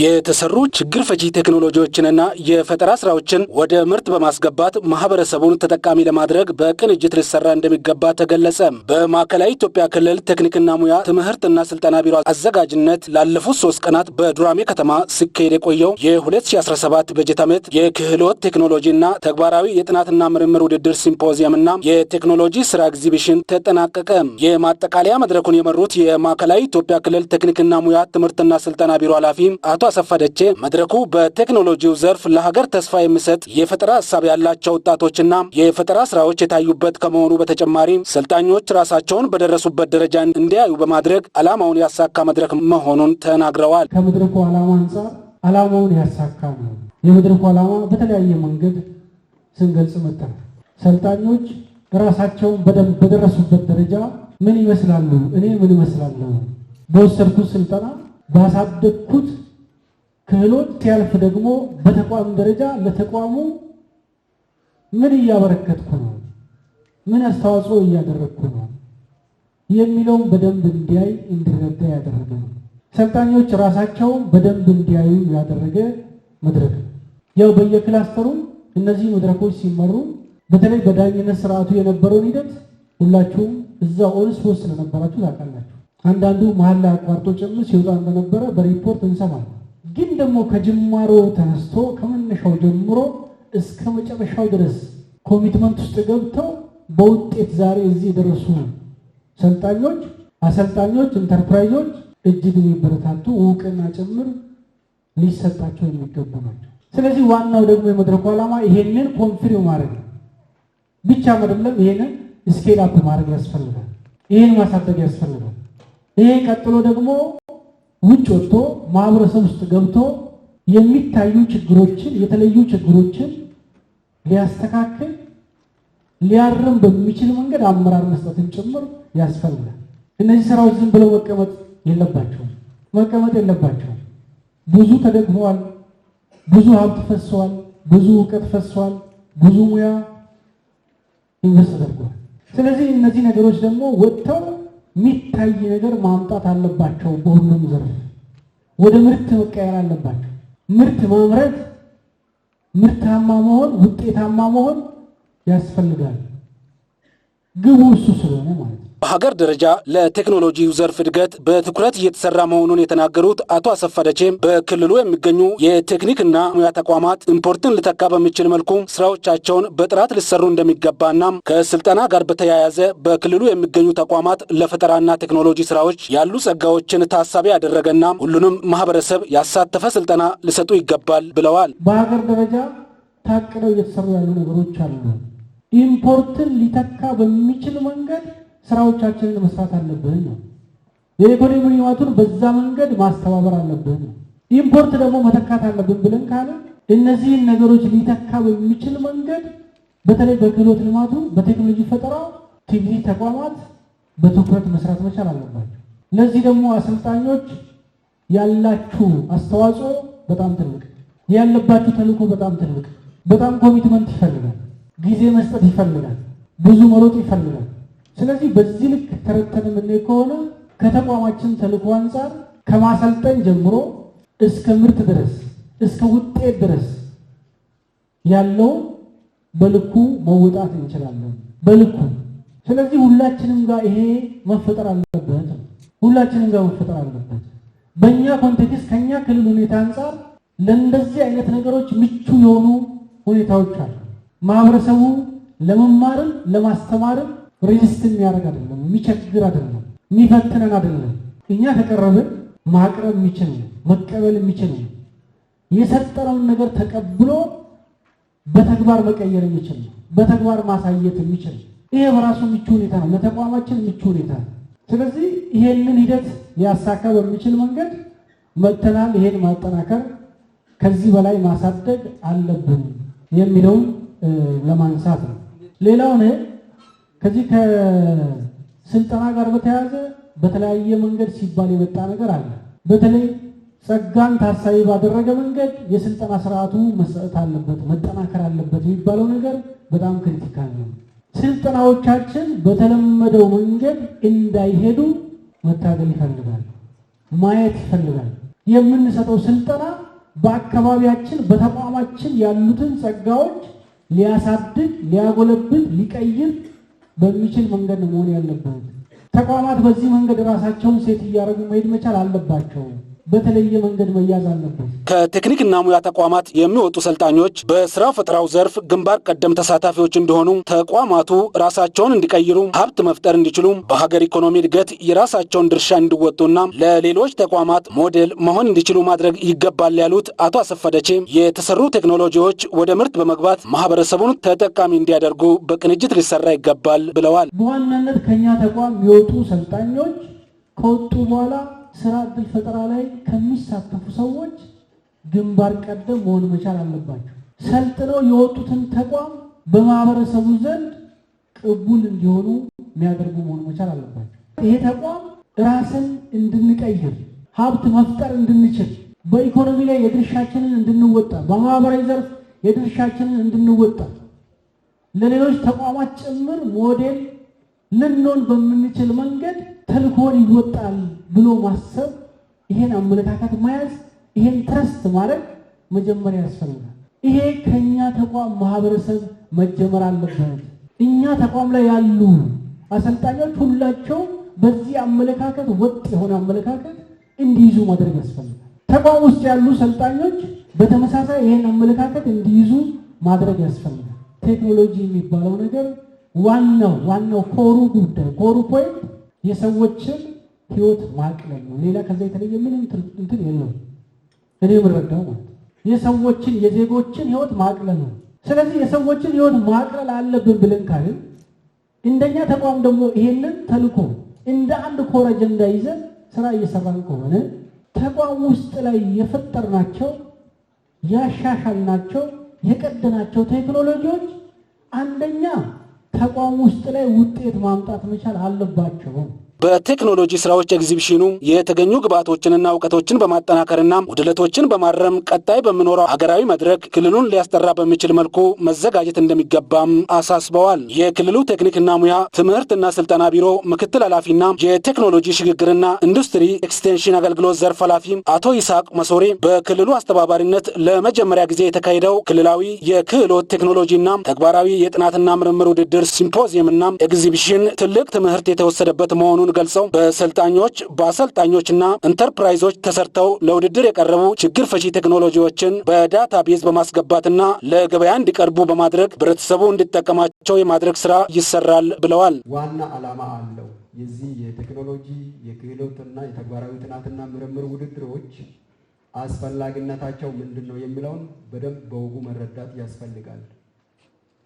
የተሰሩ ችግር ፈቺ ቴክኖሎጂዎችንና የፈጠራ ስራዎችን ወደ ምርት በማስገባት ማህበረሰቡን ተጠቃሚ ለማድረግ በቅንጅት ሊሰራ እንደሚገባ ተገለጸ። በማዕከላዊ ኢትዮጵያ ክልል ቴክኒክና ሙያ ትምህርትና ስልጠና ቢሮ አዘጋጅነት ላለፉት ሶስት ቀናት በዱራሜ ከተማ ሲካሄድ የቆየው የ2017 በጀት ዓመት የክህሎት ቴክኖሎጂና ተግባራዊ የጥናትና ምርምር ውድድር ሲምፖዚየምና የቴክኖሎጂ ስራ ኤግዚቢሽን ተጠናቀቀ። የማጠቃለያ መድረኩን የመሩት የማዕከላዊ ኢትዮጵያ ክልል ቴክኒክና ሙያ ትምህርትና ስልጠና ቢሮ ኃላፊ አቶ አሰፋደቼ መድረኩ በቴክኖሎጂው ዘርፍ ለሀገር ተስፋ የሚሰጥ የፈጠራ ሀሳብ ያላቸው ወጣቶችና የፈጠራ ስራዎች የታዩበት ከመሆኑ በተጨማሪ ሰልጣኞች ራሳቸውን በደረሱበት ደረጃ እንዲያዩ በማድረግ ዓላማውን ያሳካ መድረክ መሆኑን ተናግረዋል። ከመድረኩ ዓላማ አንጻር ዓላማውን ያሳካ ነው። የመድረኩ ዓላማ በተለያየ መንገድ ስንገልጽ መጣ ሰልጣኞች ራሳቸውን በደንብ በደረሱበት ደረጃ ምን ይመስላሉ፣ እኔ ምን ይመስላለሁ፣ በወሰድኩት ስልጠና ባሳደግኩት ክህሎት ሲያልፍ ደግሞ በተቋም ደረጃ ለተቋሙ ምን እያበረከትኩ ነው፣ ምን አስተዋጽኦ እያደረግኩ ነው የሚለውም በደንብ እንዲያይ እንዲረዳ ያደረገ ነው። ሰልጣኞች ራሳቸውን በደንብ እንዲያዩ ያደረገ መድረክ ነው። ያው በየክላስተሩ እነዚህ መድረኮች ሲመሩ በተለይ በዳኝነት ስርዓቱ የነበረውን ሂደት ሁላችሁም እዛ ኦንስ ሶስት ስለነበራችሁ ታውቃላችሁ። አንዳንዱ መሀል ላይ አቋርጦ ጭምር ሲወጣ እንደነበረ በሪፖርት እንሰማለን። ግን ደግሞ ከጅማሮ ተነስቶ ከመነሻው ጀምሮ እስከ መጨረሻው ድረስ ኮሚትመንት ውስጥ ገብተው በውጤት ዛሬ እዚህ የደረሱ ሰልጣኞች፣ አሰልጣኞች፣ ኢንተርፕራይዞች እጅግ የሚበረታቱ እውቅና ጭምር ሊሰጣቸው የሚገቡ ናቸው። ስለዚህ ዋናው ደግሞ የመድረኩ ዓላማ ይሄንን ኮንፊርም ማድረግ ብቻ አይደለም። ይሄንን ስኬል አፕ ማድረግ ያስፈልጋል። ይህን ማሳደግ ያስፈልጋል። ይሄ ቀጥሎ ደግሞ ውጭ ወጥቶ ማህበረሰብ ውስጥ ገብቶ የሚታዩ ችግሮችን የተለዩ ችግሮችን ሊያስተካክል ሊያርም በሚችል መንገድ አመራር መስጠትን ጭምር ያስፈልጋል። እነዚህ ስራዎች ዝም ብለው መቀመጥ የለባቸውም መቀመጥ የለባቸውም። ብዙ ተደግመዋል፣ ብዙ ሀብት ፈሰዋል፣ ብዙ እውቀት ፈሰዋል፣ ብዙ ሙያ ኢንቨስት ተደርጓል። ስለዚህ እነዚህ ነገሮች ደግሞ ወጥተው የሚታይ ነገር ማምጣት አለባቸው። በሁሉም ዘርፍ ወደ ምርት መቀየር አለባቸው። ምርት ማምረት፣ ምርታማ መሆን፣ ውጤታማ መሆን ያስፈልጋል። ግቡ እሱ ስለሆነ ማለት በሀገር ደረጃ ለቴክኖሎጂው ዘርፍ እድገት በትኩረት እየተሰራ መሆኑን የተናገሩት አቶ አሰፋደቼም በክልሉ የሚገኙ የቴክኒክና ሙያ ተቋማት ኢምፖርትን ሊተካ በሚችል መልኩ ስራዎቻቸውን በጥራት ሊሰሩ እንደሚገባና ከስልጠና ጋር በተያያዘ በክልሉ የሚገኙ ተቋማት ለፈጠራና ቴክኖሎጂ ስራዎች ያሉ ጸጋዎችን ታሳቢ ያደረገና ሁሉንም ማህበረሰብ ያሳተፈ ስልጠና ሊሰጡ ይገባል ብለዋል። በሀገር ደረጃ ታቅደው እየተሰሩ ያሉ ነገሮች አሉ። ኢምፖርትን ሊተካ በሚችል መንገድ ስራዎቻችንን መስራት አለብህን ነው። የኢኮኖሚ ልማቱን በዛ መንገድ ማስተባበር አለብህን ነው። ኢምፖርት ደግሞ መተካት አለብን ብለን ካለ እነዚህን ነገሮች ሊተካ በሚችል መንገድ በተለይ በክህሎት ልማቱ በቴክኖሎጂ ፈጠራ ቲቪ ተቋማት በትኩረት መስራት መቻል አለባቸው። ለዚህ ደግሞ አሰልጣኞች ያላችሁ አስተዋጽኦ በጣም ትልቅ፣ ያለባችሁ ተልዕኮ በጣም ትልቅ፣ በጣም ኮሚትመንት ይፈልጋል፣ ጊዜ መስጠት ይፈልጋል፣ ብዙ መሮጥ ይፈልጋል። ስለዚህ በዚህ ልክ ተረተን የምናይ ከሆነ ከተቋማችን ተልኮ አንጻር ከማሰልጠን ጀምሮ እስከ ምርት ድረስ እስከ ውጤት ድረስ ያለውን በልኩ መውጣት እንችላለን። በልኩ ስለዚህ ሁላችንም ጋር ይሄ መፈጠር አለበት፣ ሁላችንም ጋር መፈጠር አለበት። በእኛ ኮንቴክስት ከእኛ ክልል ሁኔታ አንጻር ለእንደዚህ አይነት ነገሮች ምቹ የሆኑ ሁኔታዎች አሉ። ማህበረሰቡ ለመማርም ለማስተማርም ሬጅስት የሚያደርግ አይደለም፣ የሚቸግር አይደለም፣ የሚፈትነን አይደለም። እኛ ከቀረብን ማቅረብ የሚችል ነው፣ መቀበል የሚችል ነው። የሰጠነውን ነገር ተቀብሎ በተግባር መቀየር የሚችል ነው፣ በተግባር ማሳየት የሚችል ነው። ይሄ በራሱ ምቹ ሁኔታ ነው፣ ለተቋማችን ምቹ ሁኔታ ነው። ስለዚህ ይሄንን ሂደት ሊያሳካ በሚችል መንገድ መጥተናል። ይሄን ማጠናከር ከዚህ በላይ ማሳደግ አለብን የሚለውን ለማንሳት ነው። ሌላውን ከዚህ ከስልጠና ጋር በተያያዘ በተለያየ መንገድ ሲባል የመጣ ነገር አለ። በተለይ ጸጋን ታሳቢ ባደረገ መንገድ የስልጠና ስርዓቱ መሰጠት አለበት፣ መጠናከር አለበት የሚባለው ነገር በጣም ክሪቲካል ነው። ስልጠናዎቻችን በተለመደው መንገድ እንዳይሄዱ መታገል ይፈልጋል፣ ማየት ይፈልጋል። የምንሰጠው ስልጠና በአካባቢያችን በተቋማችን ያሉትን ጸጋዎች ሊያሳድግ፣ ሊያጎለብት፣ ሊቀይር በሚችል መንገድ መሆን ያለበት። ተቋማት በዚህ መንገድ ራሳቸውን ሴት እያደረጉ መሄድ መቻል አለባቸው። በተለየ መንገድ መያዝ አለበት። ከቴክኒክና ሙያ ተቋማት የሚወጡ ሰልጣኞች በስራ ፈጠራው ዘርፍ ግንባር ቀደም ተሳታፊዎች እንደሆኑ ተቋማቱ ራሳቸውን እንዲቀይሩ ሀብት መፍጠር እንዲችሉ በሀገር ኢኮኖሚ እድገት የራሳቸውን ድርሻ እንዲወጡና ለሌሎች ተቋማት ሞዴል መሆን እንዲችሉ ማድረግ ይገባል ያሉት አቶ አሰፈደቼ የተሰሩ ቴክኖሎጂዎች ወደ ምርት በመግባት ማህበረሰቡን ተጠቃሚ እንዲያደርጉ በቅንጅት ሊሰራ ይገባል ብለዋል። በዋናነት ከኛ ተቋም የወጡ ሰልጣኞች ከወጡ በኋላ ስራ እድል ፈጠራ ላይ ከሚሳተፉ ሰዎች ግንባር ቀደም መሆን መቻል አለባቸው። ሰልጥነው የወጡትን ተቋም በማህበረሰቡ ዘንድ ቅቡል እንዲሆኑ የሚያደርጉ መሆን መቻል አለባቸው። ይሄ ተቋም ራስን እንድንቀይር፣ ሀብት መፍጠር እንድንችል፣ በኢኮኖሚ ላይ የድርሻችንን እንድንወጣ፣ በማህበራዊ ዘርፍ የድርሻችንን እንድንወጣ፣ ለሌሎች ተቋማት ጭምር ሞዴል ልንሆን በምንችል መንገድ ተልኮን ይወጣል ብሎ ማሰብ፣ ይሄን አመለካከት መያዝ፣ ይሄን ትረስት ማድረግ መጀመሪያ ያስፈልጋል። ይሄ ከኛ ተቋም ማህበረሰብ መጀመር አለበት። እኛ ተቋም ላይ ያሉ አሰልጣኞች ሁላቸው በዚህ አመለካከት ወጥ የሆነ አመለካከት እንዲይዙ ማድረግ ያስፈልጋል። ተቋም ውስጥ ያሉ ሰልጣኞች በተመሳሳይ ይህን አመለካከት እንዲይዙ ማድረግ ያስፈልጋል። ቴክኖሎጂ የሚባለው ነገር ዋናው ዋናው ኮሩ ጉዳይ ኮሩ ፖይንት የሰዎችን ህይወት ማቅለል ነው። ሌላ ከዛ የተለየ ምንም እንትን የለውም። እኔ የምረዳው ማለት የሰዎችን የዜጎችን ህይወት ማቅለል ነው። ስለዚህ የሰዎችን ህይወት ማቅለል አለብን ብለን ካልን እንደኛ ተቋም ደግሞ ይሄንን ተልኮ እንደ አንድ ኮር አጀንዳ ይዘን ስራ እየሰራን ከሆነ ተቋም ውስጥ ላይ የፈጠርናቸው ያሻሻልናቸው የቀደናቸው ቴክኖሎጂዎች አንደኛ ተቋም ውስጥ ላይ ውጤት ማምጣት መቻል አለባቸውም። በቴክኖሎጂ ስራዎች ኤግዚቢሽኑ የተገኙ ግብዓቶችንና እውቀቶችን በማጠናከርና ውድለቶችን በማረም ቀጣይ በሚኖረው ሀገራዊ መድረክ ክልሉን ሊያስጠራ በሚችል መልኩ መዘጋጀት እንደሚገባም አሳስበዋል። የክልሉ ቴክኒክና ሙያ ትምህርትና ስልጠና ቢሮ ምክትል ኃላፊና የቴክኖሎጂ ሽግግርና ኢንዱስትሪ ኤክስቴንሽን አገልግሎት ዘርፍ ኃላፊ አቶ ይስሐቅ መሶሬ በክልሉ አስተባባሪነት ለመጀመሪያ ጊዜ የተካሄደው ክልላዊ የክህሎት ቴክኖሎጂና ተግባራዊ የጥናትና ምርምር ውድድር ሲምፖዚየምና ኤግዚቢሽን ትልቅ ትምህርት የተወሰደበት መሆኑን ገልጸው በሰልጣኞች በአሰልጣኞችና ኢንተርፕራይዞች ተሰርተው ለውድድር የቀረቡ ችግር ፈቺ ቴክኖሎጂዎችን በዳታ ቤዝ በማስገባትና ለገበያ እንዲቀርቡ በማድረግ ህብረተሰቡ እንዲጠቀማቸው የማድረግ ስራ ይሰራል ብለዋል። ዋና ዓላማ አለው የዚህ የቴክኖሎጂ የክህሎትና የተግባራዊ ጥናትና ምርምር ውድድሮች አስፈላጊነታቸው ምንድን ነው የሚለውን በደንብ በወጉ መረዳት ያስፈልጋል።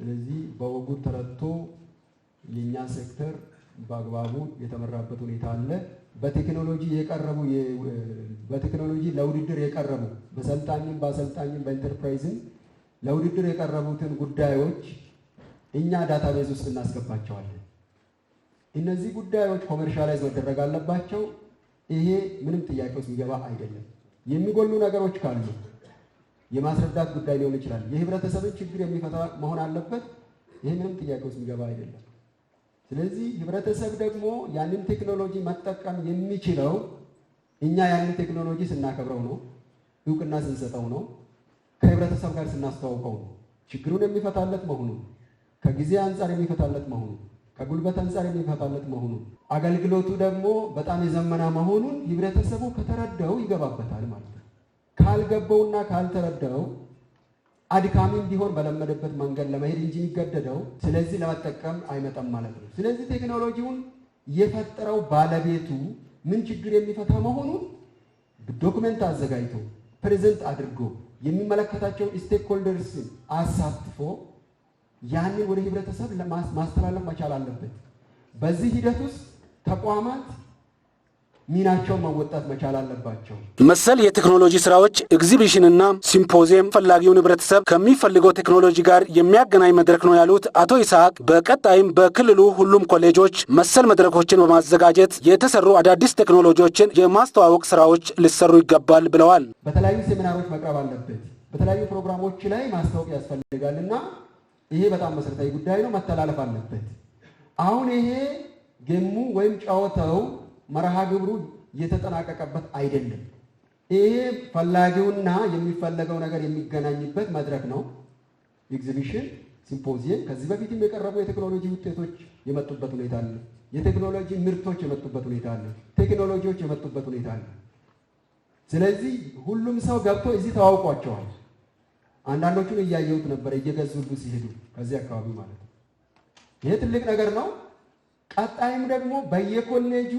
ስለዚህ በወጉ ተረድቶ የእኛ ሴክተር በአግባቡ የተመራበት ሁኔታ አለ። በቴክኖሎጂ የቀረቡ በቴክኖሎጂ ለውድድር የቀረቡ በሰልጣኝም በአሰልጣኝም በኢንተርፕራይዝም ለውድድር የቀረቡትን ጉዳዮች እኛ ዳታቤዝ ውስጥ እናስገባቸዋለን። እነዚህ ጉዳዮች ኮመርሻላይዝ መደረግ አለባቸው። ይሄ ምንም ጥያቄ ውስጥ የሚገባ አይደለም። የሚጎሉ ነገሮች ካሉ የማስረዳት ጉዳይ ሊሆን ይችላል። የህብረተሰብን ችግር የሚፈታ መሆን አለበት። ይሄ ምንም ጥያቄ ውስጥ የሚገባ አይደለም። ስለዚህ ህብረተሰብ ደግሞ ያንን ቴክኖሎጂ መጠቀም የሚችለው እኛ ያንን ቴክኖሎጂ ስናከብረው ነው፣ እውቅና ስንሰጠው ነው፣ ከህብረተሰብ ጋር ስናስተዋውቀው ነው፣ ችግሩን የሚፈታለት መሆኑ፣ ከጊዜ አንጻር የሚፈታለት መሆኑ፣ ከጉልበት አንጻር የሚፈታለት መሆኑ፣ አገልግሎቱ ደግሞ በጣም የዘመና መሆኑን ህብረተሰቡ ከተረዳው ይገባበታል ማለት ነው። ካልገባውና ካልተረዳው አድካሚ እንዲሆን በለመደበት መንገድ ለመሄድ እንጂ የሚገደደው ስለዚህ ለመጠቀም አይመጣም ማለት ነው። ስለዚህ ቴክኖሎጂውን የፈጠረው ባለቤቱ ምን ችግር የሚፈታ መሆኑን ዶክመንት አዘጋጅቶ ፕሬዘንት አድርጎ የሚመለከታቸውን ስቴክሆልደርስ አሳትፎ ያንን ወደ ህብረተሰብ ማስተላለፍ መቻል አለበት። በዚህ ሂደት ውስጥ ተቋማት ሚናቸውን መወጣት መቻል አለባቸው። መሰል የቴክኖሎጂ ስራዎች ኤግዚቢሽንና ሲምፖዚየም ፈላጊውን ህብረተሰብ ከሚፈልገው ቴክኖሎጂ ጋር የሚያገናኝ መድረክ ነው ያሉት አቶ ይስሐቅ በቀጣይም በክልሉ ሁሉም ኮሌጆች መሰል መድረኮችን በማዘጋጀት የተሰሩ አዳዲስ ቴክኖሎጂዎችን የማስተዋወቅ ስራዎች ሊሰሩ ይገባል ብለዋል። በተለያዩ ሴሚናሮች መቅረብ አለበት። በተለያዩ ፕሮግራሞች ላይ ማስታወቅ ያስፈልጋልና ይሄ በጣም መሰረታዊ ጉዳይ ነው፣ መተላለፍ አለበት። አሁን ይሄ ገሙ ወይም ጨዋታው መርሃ ግብሩ የተጠናቀቀበት አይደለም። ይሄ ፈላጊውና የሚፈለገው ነገር የሚገናኝበት መድረክ ነው። ኤግዚቢሽን፣ ሲምፖዚየም፣ ከዚህ በፊትም የቀረቡ የቴክኖሎጂ ውጤቶች የመጡበት ሁኔታ አለ። የቴክኖሎጂ ምርቶች የመጡበት ሁኔታ አለ። ቴክኖሎጂዎች የመጡበት ሁኔታ አለ። ስለዚህ ሁሉም ሰው ገብቶ እዚህ ተዋውቋቸዋል። አንዳንዶቹን እያየሁት ነበር እየገዙሉ ሲሄዱ ከዚህ አካባቢ ማለት ነው። ይሄ ትልቅ ነገር ነው። ቀጣይም ደግሞ በየኮሌጁ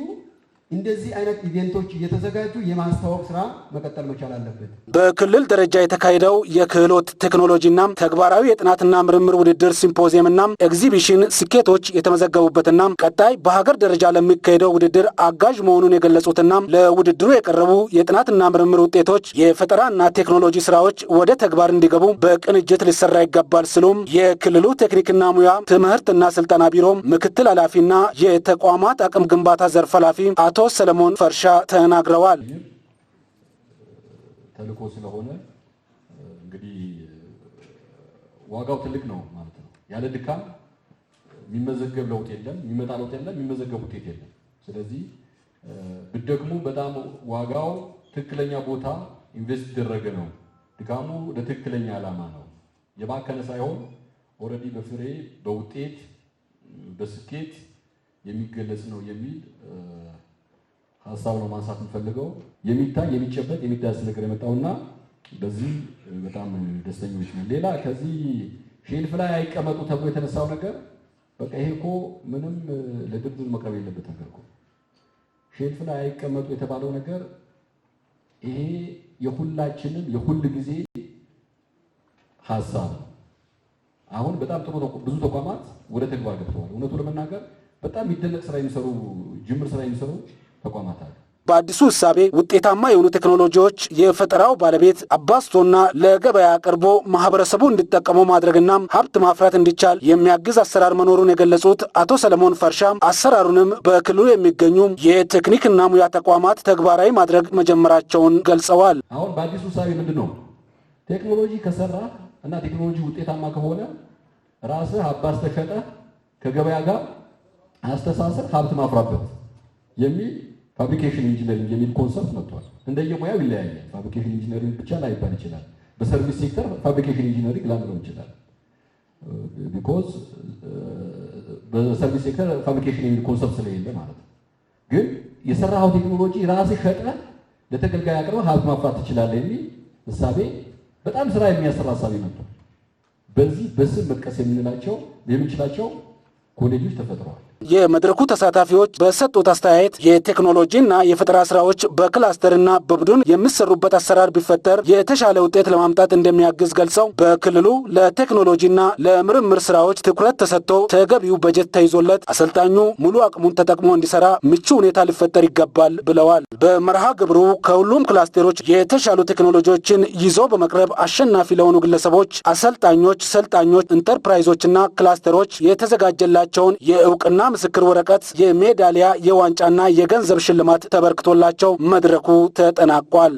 እንደዚህ አይነት ኢቬንቶች እየተዘጋጁ የማስተዋወቅ ስራ መቀጠል መቻል አለበት። በክልል ደረጃ የተካሄደው የክህሎት ቴክኖሎጂና ተግባራዊ የጥናትና ምርምር ውድድር ሲምፖዚየምና ኤግዚቢሽን ስኬቶች የተመዘገቡበትና ቀጣይ በሀገር ደረጃ ለሚካሄደው ውድድር አጋዥ መሆኑን የገለጹትና ለውድድሩ የቀረቡ የጥናትና ምርምር ውጤቶች፣ የፈጠራና ቴክኖሎጂ ስራዎች ወደ ተግባር እንዲገቡ በቅንጅት ሊሰራ ይገባል ሲሉም የክልሉ ቴክኒክና ሙያ ትምህርትና ስልጠና ቢሮ ምክትል ኃላፊና የተቋማት አቅም ግንባታ ዘርፍ ኃላፊ አቶ አቶ ሰለሞን ፈርሻ ተናግረዋል። ተልእኮ ስለሆነ እንግዲህ ዋጋው ትልቅ ነው ማለት ነው። ያለ ድካም የሚመዘገብ ለውጥ የለም፣ የሚመጣ ለውጥ የለም፣ የሚመዘገብ ውጤት የለም። ስለዚህ ብደክሙ በጣም ዋጋው ትክክለኛ ቦታ ኢንቨስት ይደረገ ነው። ድካሙ ለትክክለኛ ዓላማ ነው። የባከነ ሳይሆን ኦልሬዲ በፍሬ በውጤት በስኬት የሚገለጽ ነው የሚል ሀሳብ ነው ማንሳት የምፈልገው። የሚታይ የሚጨበጥ የሚዳስ ነገር የመጣውና በዚህ በጣም ደስተኞች ነን። ሌላ ከዚህ ሼልፍ ላይ አይቀመጡ ተብሎ የተነሳው ነገር በቃ ይሄ እኮ ምንም ለድርድር መቅረብ የለበት ነገር እኮ ሼልፍ ላይ አይቀመጡ የተባለው ነገር ይሄ የሁላችንም የሁል ጊዜ ሀሳብ ነው። አሁን በጣም ጥሩ ብዙ ተቋማት ወደ ተግባር ገብተዋል። እውነቱ ለመናገር በጣም የሚደነቅ ስራ የሚሰሩ ጅምር ስራ የሚሰሩ ተቋማት አሉ። በአዲሱ እሳቤ ውጤታማ የሆኑ ቴክኖሎጂዎች የፈጠራው ባለቤት አባስቶና ለገበያ አቅርቦ ማህበረሰቡ እንዲጠቀመው ማድረግና ሀብት ማፍራት እንዲቻል የሚያግዝ አሰራር መኖሩን የገለጹት አቶ ሰለሞን ፈርሻም አሰራሩንም በክልሉ የሚገኙ የቴክኒክና ሙያ ተቋማት ተግባራዊ ማድረግ መጀመራቸውን ገልጸዋል። አሁን በአዲሱ እሳቤ ምንድን ነው ቴክኖሎጂ ከሰራ እና ቴክኖሎጂ ውጤታማ ከሆነ ራስህ አባስ ተሸጠ ከገበያ ጋር አስተሳሰር ሀብት ማፍራበት የሚል ፋብሪኬሽን ኢንጂነሪንግ የሚል ኮንሰፕት መጥቷል። እንደየሙያው ይለያያል። ፋብሪኬሽን ኢንጂነሪንግ ብቻ ላይባል ይችላል። በሰርቪስ ሴክተር ፋብሪኬሽን ኢንጂነሪንግ ላንለው ይችላል። ቢኮዝ uh, በሰርቪስ ሴክተር ፋብሪኬሽን የሚል ኮንሰፕት ስለሌለ ማለት ነው። ግን የሰራኸው ቴክኖሎጂ ራስህ ሸጠህ ለተገልጋይ አቅርበህ ሀብት ማፍራት ትችላለህ የሚል እሳቤ በጣም ስራ የሚያሰራ እሳቤ መጥቷል። በዚህ በስም መጥቀስ የምንላቸው የምንችላቸው ኮሌጆች ተፈጥረዋል። የመድረኩ ተሳታፊዎች በሰጡት አስተያየት የቴክኖሎጂና የፈጠራ ስራዎች በክላስተርና በቡድን የሚሰሩበት አሰራር ቢፈጠር የተሻለ ውጤት ለማምጣት እንደሚያግዝ ገልጸው በክልሉ ለቴክኖሎጂና ለምርምር ስራዎች ትኩረት ተሰጥቶ ተገቢው በጀት ተይዞለት አሰልጣኙ ሙሉ አቅሙን ተጠቅሞ እንዲሰራ ምቹ ሁኔታ ሊፈጠር ይገባል ብለዋል። በመርሃ ግብሩ ከሁሉም ክላስተሮች የተሻሉ ቴክኖሎጂዎችን ይዞ በመቅረብ አሸናፊ ለሆኑ ግለሰቦች፣ አሰልጣኞች፣ ሰልጣኞች፣ ኢንተርፕራይዞችና ክላስተሮች የተዘጋጀላቸውን የእውቅና ምስክር ወረቀት፣ የሜዳሊያ የዋንጫና የገንዘብ ሽልማት ተበርክቶላቸው መድረኩ ተጠናቋል።